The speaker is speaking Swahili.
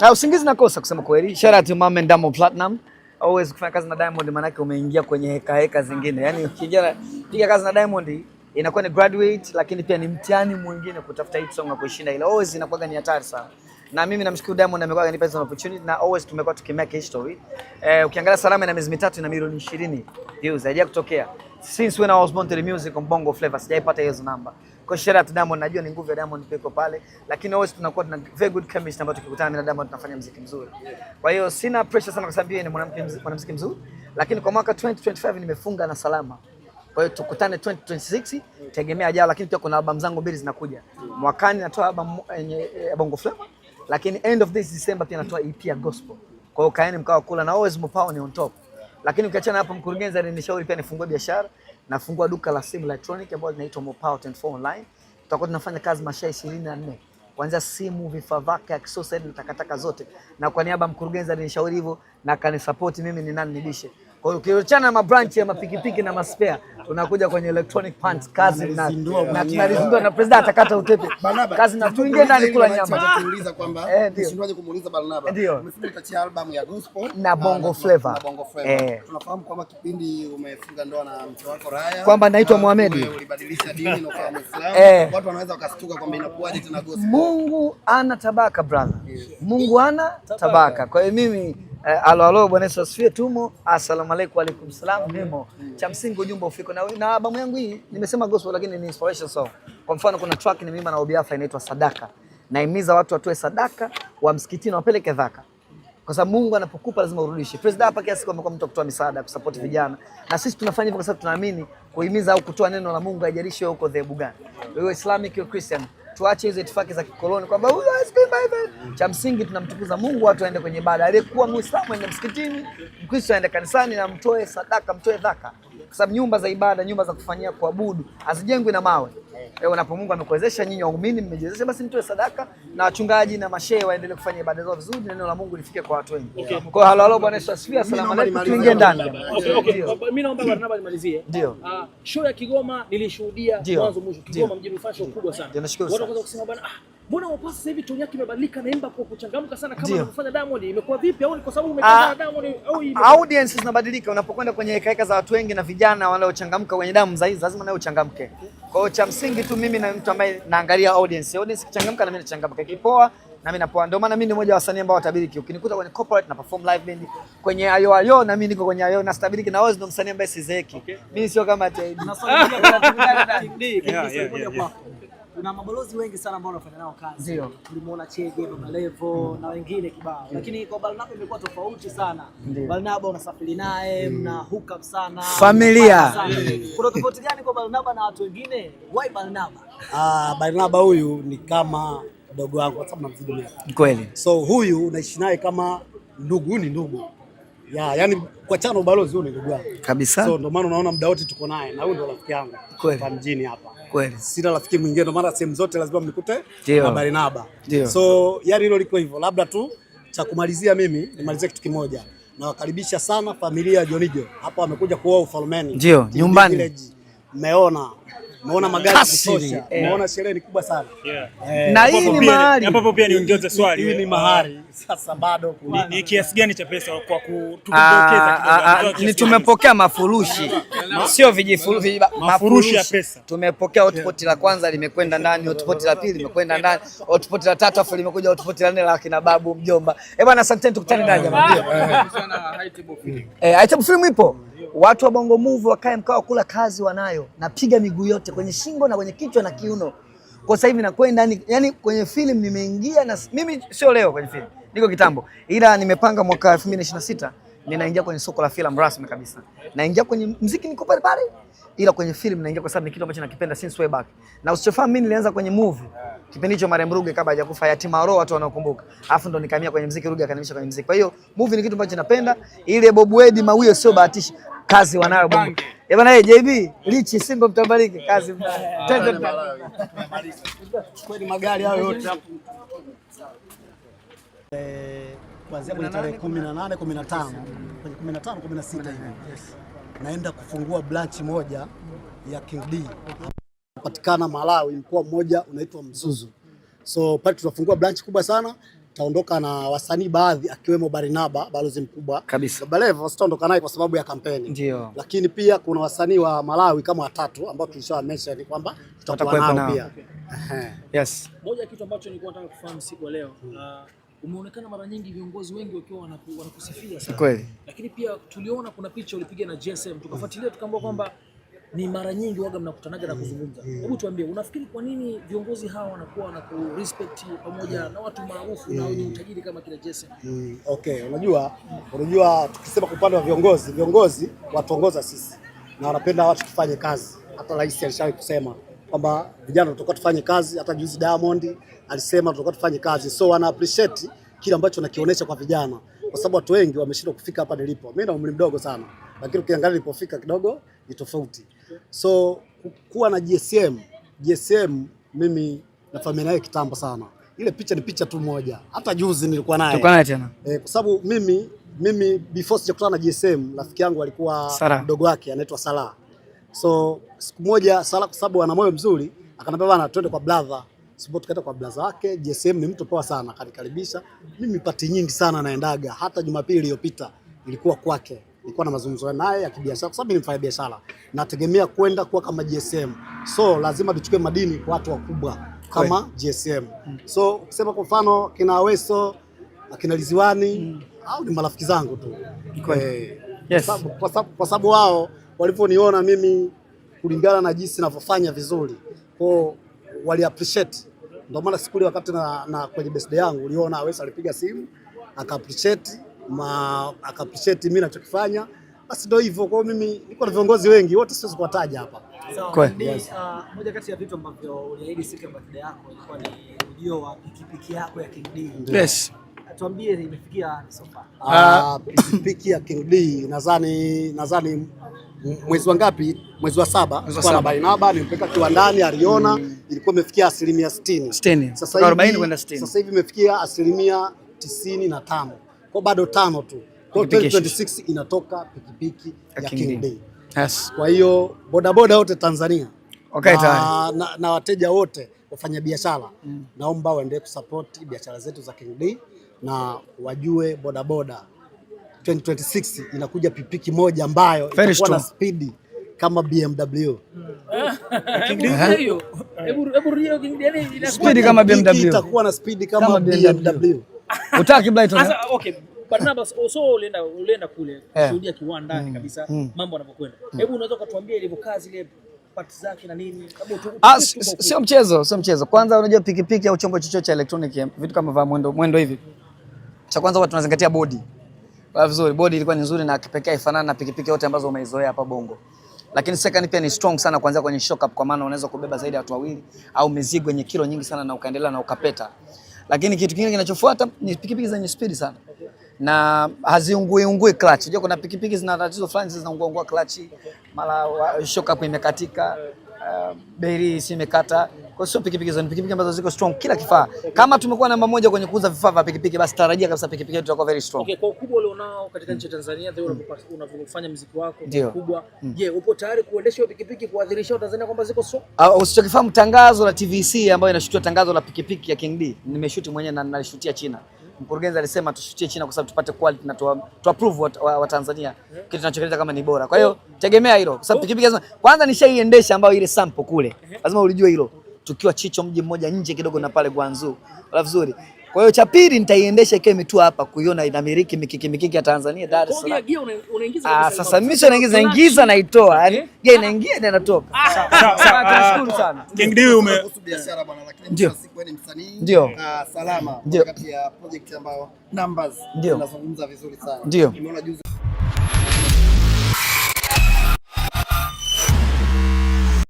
Ah, na usingizi nakosa kusema kweli. Shout out to Mame Ndamo Platinum. Always kufanya kazi na Diamond maana yake umeingia kwenye heka heka zingine. Yaani ukijana piga kazi na Diamond inakuwa ni graduate lakini pia ni mtihani mwingine kutafuta hit song na kushinda ile. Always inakuwa ni hatari sana. Na mimi namshukuru Diamond amekuwa akinipa hizo opportunity na always tumekuwa tukimake history. Eh, ukiangalia Salama ina miezi mitatu na milioni 20 views. Haija kutokea. Since when I was born to the music on Bongo Flava sijaipata hizo namba. Kwa shera tu Diamond, najua ni nguvu ya Diamond peko pale, lakini always tunakuwa tuna very good chemistry ambayo tukikutana na Diamond tunafanya muziki mzuri. Kwa hiyo sina pressure sana kwa sababu yeye ni mwanamke mwanamuziki mzuri, lakini kwa mwaka 2025 nimefunga na salama. Kwa hiyo tukutane 2026 tegemea jao, lakini pia kuna albamu zangu mbili zinakuja mwakani. Natoa albamu yenye Bongo Flava, lakini end of this December pia natoa EP ya gospel. Kwa hiyo kaeni mkawa kula na always mpao ni on top, lakini ukiachana hapo, mkurugenzi alinishauri pia nifungue biashara nafungua duka la simu electronic ambalo linaitwa Mopower 24 Online. Tutakuwa tunafanya kazi masaa 24 kuanzia simu, vifaa vyake accessories na takataka zote, na kwa niaba ya mkurugenzi alinishauri hivyo na akanisupport mimi ni nani nidishe. Kwa hiyo ukiachana na mabranchi ya mapikipiki na maspare unakuja kwenye electronic pants kazi na na tunalizindua na president atakata utepe kazi na tuingie ndani kula nyama. Tuliuliza kwamba usindoje eh, kumuuliza Barnaba, eh, umesema utachia album ya gospel na ah, bongo flavor. Eh. Tunafahamu kwamba kipindi umefunga ndoa na mke wako Raya, kwamba naitwa ah, Mohamed, ulibadilisha dini na kwa Muislamu, watu wanaweza wakastuka kwamba inakuwaje tena gospel. Mungu ana tabaka brother, Mungu ana tabaka. Kwa hiyo mimi Eh, alo, alo, Bwana Yesu asifiwe, tumo. Asalamu alaykum. Alaykum salam, nemo. Cha msingi ujumbe ufike na na albamu yangu hii nimesema gospel lakini ni inspiration song. Kwa mfano kuna track ni mimi na Obiafa inaitwa Sadaka. Naimiza watu watoe sadaka wa msikitini wapeleke zaka, Kwa sababu Mungu anapokupa lazima urudishe. President hapa kiasi kwa mtu kutoa misaada kusupport vijana. Na sisi tunafanya hivyo kwa sababu tunaamini kuhimiza au kutoa neno la Mungu haijalishi wewe uko dhehebu gani. Wewe Islamic au Christian tuache hizo itifaki za kikoloni kwamba cha msingi tunamtukuza Mungu, watu waende kwenye ibada. Aliyekuwa Muislamu aende msikitini, Mkristo aende kanisani na mtoe sadaka, mtoe dhaka, kwa sababu nyumba za ibada, nyumba za kufanyia kuabudu hazijengwi na mawe. Leo eh, unapo Mungu amekuwezesha nyinyi waumini mmejiwezesha, basi nitoe sadaka na wachungaji na mashehe waendelee kufanya ibada zao vizuri, neno la Mungu lifike kwa watu wengi. Kwa hiyo halo halo, Bwana Yesu asifiwe. Asalamu alaykum, tuingie ndani. Okay, okay. Mimi naomba Barnaba nimalizie. Ndio. Ah, Show ya Kigoma nilishuhudia mwanzo mwisho. Kigoma mjini fashion kubwa sana. Watu wakaanza kusema bwana ah, Mbona Wapasi sasa hivi toni yake imebadilika na Imba kwa kuchangamka sana kama anavyofanya Diamond? Imekuwa ah. vipi au ni kwa sababu umekazana ah. Diamond au ime Audience zinabadilika unapokwenda kwenye hekaheka za watu wengi na vijana wanaochangamka kwenye damu za hizi lazima nayo uchangamke. Kwa hiyo cha msingi tu mimi na mtu ambaye naangalia audience. Audience kichangamka na mimi nachangamka. Kipoa na mimi napoa. Ndio maana mimi ni mmoja wa wasanii ambao watabiriki. Ukinikuta kwenye corporate na perform live band kwenye ayo ayo na mimi niko kwenye ayo na stabiliki na wewe ndio msanii ambaye sizeeki. Mimi sio kama TID. Nasoma kwa kutumia TID. Kuna mabalozi wengi sana ambao wanafanya nao kazi. Ndio. Tulimuona Chege, Baba Levo mm. na wengine kibao. Lakini kwa Barnaba imekuwa tofauti sana. Barnaba unasafiri naye, mm. mna mm. hook up sana. Familia. Mm. Kuna tofauti gani kwa Barnaba na watu wengine? Why Barnaba? Ah, Barnaba huyu ni kama mdogo wangu kwa sababu namzidi miaka. Kweli. So huyu unaishi naye kama ndugu, ni ndugu. Ya, yani kwa chano balozi huyu ni ndugu yangu. Kabisa. So ndio maana unaona muda wote tuko naye na huyu ndio rafiki yangu. Kweli. Mjini hapa. Kweli. Sina rafiki mwingine, ndio maana sehemu zote lazima mnikute na Barnaba. So yani hilo liko hivyo, labda tu cha kumalizia, mimi nimalizie kitu kimoja, nawakaribisha sana familia ya Jonijo hapa, wamekuja kuoa ufalmeni, ndio nyumbani, mmeona Umeona magari kutosha, umeona eh. sherehe ni kubwa sana. Eh, na hii ni mahari. Hapo pia niongeze swali. Hii ni ah. mahari sasa bado ni, ni kiasi gani cha pesa kwa kutudokeza ah, ah, ah, kidogo? Ni tumepokea mafurushi sio vijifurushi, mafurushi ya pesa tumepokea. Hotpot la kwanza limekwenda ndani, hotpot la pili limekwenda ndani, hotpot la tatu afu limekuja hotpot la nne la kina babu mjomba. Eh bwana, asanteni, tukutane ndani jamani. Eh, Aitebo Film ipo watu wa Bongo Movie wakae mkao wa kula kazi wanayo, napiga miguu yote kwenye shingo na kwenye kichwa na kiuno. Kwa sasa hivi nakwenda yani, kwenye film nimeingia na mimi sio leo kwenye film niko kitambo, ila nimepanga mwaka 2026 ninaingia kwenye soko la filamu rasmi kabisa. Naingia kwenye muziki niko pale pale, ila kwenye filamu naingia kwa sababu ni kitu ambacho nakipenda since way back. Na usichofahamu mimi nilianza kwenye movie. Kipindi hicho Mariam Ruge kabla hajakufa yatima roho watu wanaokumbuka. afu ndo nikamia kwenye muziki Ruge akanimisha kwenye muziki. Kwa hiyo movie ni kitu ambacho napenda. Ile Bob Wedi Mawio sio bahatishi kazi wanayo Bongo. Eh, bwana eh, JB, lichi Simba mtambalike kazi. Twende. Kweli magari hayo yote hapo kuanzia kwenye tarehe 18, 15 kwenye 15, 16 hivi naenda kufungua branch moja ya King D patikana Malawi, mkoa mmoja unaitwa Mzuzu. So pale tutafungua branch kubwa sana, taondoka na wasanii baadhi akiwemo Barinaba, balozi mkubwa kabisa Balevo. Sitaondoka naye kwa sababu ya kampeni ndio, lakini pia kuna wasanii wa Malawi kama watatu ambao tulishawa mention kwamba tutakuwa nao pia. Yes, moja kitu ambacho nilikuwa nataka kufahamu siku leo hmm. uh, umeonekana mara nyingi viongozi wengi wakiwa wanakusifia sana. Kweli. Lakini pia tuliona kuna picha ulipiga na GSM tukafuatilia tukaambiwa kwamba ni mara nyingi waga mnakutanaga na kuzungumza. Hebu tuambie, unafikiri kwa nini viongozi hawa wanakuwa respect pamoja na watu maarufu na wenye utajiri kama kina Jason? Mm, okay, unajua unajua, tukisema kwa upande wa viongozi, viongozi watuongoza sisi na wanapenda watu tufanye kazi. Hata rais alishawahi kusema kwamba vijana tutakuwa tufanye kazi. Hata juzi Diamond alisema tutakuwa tufanye kazi, so wana appreciate kile ambacho nakionyesha kwa vijana, kwa sababu watu wengi wameshindwa kufika hapa nilipo. Mimi na umri mdogo sana, lakini ukiangalia nilipofika kidogo ni tofauti. So kuwa na GSM, GSM mimi na familia naye kitambo sana. Ile picha ni picha tu moja, hata juzi nilikuwa naye tulikuwa naye tena eh, kwa sababu mimi mimi before sijakutana na GSM, rafiki yangu alikuwa mdogo wake anaitwa Salah So siku moja Sala kwa sababu ana moyo mzuri akanambia bana, twende kwa brother. Sipo tukaenda kwa brother wake. JSM ni mtu poa sana, akanikaribisha. Mimi pati nyingi sana naendaga, hata Jumapili iliyopita ilikuwa kwake. Nilikuwa na mazungumzo naye ya kibiashara kwa sababu ni mfanya biashara. Nategemea kwenda kuwa kama JSM. So lazima tuchukue madini kwa watu wakubwa kama JSM. Mm. So ukisema kwa mfano kina Aweso, akina Liziwani, mm. au ni marafiki zangu tu. Eh, kwa sababu wao walivyoniona mimi kulingana na jinsi ninavyofanya vizuri kwao wali appreciate. Ndio maana siku ile wakati na, na kwenye birthday yangu uliona Wesa alipiga simu aka appreciate ma aka appreciate mimi ninachokifanya. Basi ndio hivyo. Kwa mimi niko na viongozi wengi wote siwezi kuwataja hapa. yes. Uh, Moja kati ya vitu ambavyo uliahidi siku ya birthday yako ilikuwa ni ujio wa pikipiki yako ya King D. Yes. Tuambie imefikia so far. Ah, pikipiki ya King D nadhani nadhani mwezi wa ngapi? Mwezi wa saba na Barnaba mpeka kiwandani, aliona mm. ilikuwa imefikia asilimia sitini, sasa hivi imefikia asilimia tisini na tano kwa bado tano tu. Kwa 2026 inatoka pikipiki ya King Day. Yes. Kwa hiyo bodaboda wote Tanzania okay, na, na, na wateja wote wafanyabiashara mm. naomba waendelee kusupport biashara zetu za King Day na wajue bodaboda 2026 inakuja pikipiki moja ambayo itakuwa na speed kama BMW. Speed kama BMW. Itakuwa na speed kama BMW. Utaki blight. Sasa okay, Barnabas also oh, ulienda ulienda kule eh. kushuhudia ndani mm, kabisa mm. mambo yanapokwenda. Mm. Hebu unaweza kutuambia ilivyokazi ile ah, Sio mchezo, sio mchezo. Kwanza unajua pikipiki au chombo chochote cha elektroniki, vitu kama vya mwendo mwendo hivi, cha kwanza huwa tunazingatia bodi kwa vizuri, bodi ilikuwa ni nzuri na kipekee ifanana na pikipiki yote ambazo umeizoea hapa Bongo. Lakini second pia ni strong sana kuanzia kwenye shock up kwa maana unaweza kubeba zaidi ya watu wawili au mizigo yenye kilo nyingi sana na ukaendelea na ukapeta. Lakini kitu kingine kinachofuata ni pikipiki zenye speed sana. Na haziungui ungui clutch. Unajua kuna pikipiki zina tatizo fulani zinaungua ungua clutch, mara shock up imekatika uh, um, beri simekata kwa sio pikipiki zoni, pikipiki ambazo ziko strong kila kifaa. Kama tumekuwa namba moja kwenye kuuza vifaa vya pikipiki, basi tarajia kabisa pikipiki yetu itakuwa very strong. Okay, kwa ukubwa ulionao katika nchi ya Tanzania wewe unavyofanya muziki wako mkubwa, mm. je, upo tayari kuendesha hiyo pikipiki kuadhirisha Tanzania kwamba ziko strong? Ah, Usichokifahamu tangazo la TVC ambayo inashutia tangazo la pikipiki ya King D nimeshuti mwenyewe na nalishutia China mkurugenzi alisema tushutie China kwa sababu tupate quality na tu approve wa, wa, wa Tanzania yeah. Kitu tunachokileta kama ni bora. Kwa hiyo oh. tegemea hilo kwa sababu pikipiki oh. lazima kwanza nishaiendesha ambayo ile sample kule uh-huh. lazima ulijue hilo tukiwa Chicho mji mmoja nje kidogo na pale Guangzhou. la vizuri. Kwa hiyo cha pili nitaiendesha ikiwa imetua hapa kuiona inamiliki mikiki mikiki ya Tanzania Dar es Salaam. Kwa hiyo unaingiza Ah, sasa mimi sio naingiza ingiza itoa. Yaani eh? je, inaingia na inatoka. Ah. Sawa sawa. Nashukuru sana. King D ume kuhusu biashara bwana lakini ndio siku ni msanii. Ndio. Ah, salama kati ya project ambayo numbers tunazungumza vizuri sana. Ndio. Nimeona juzi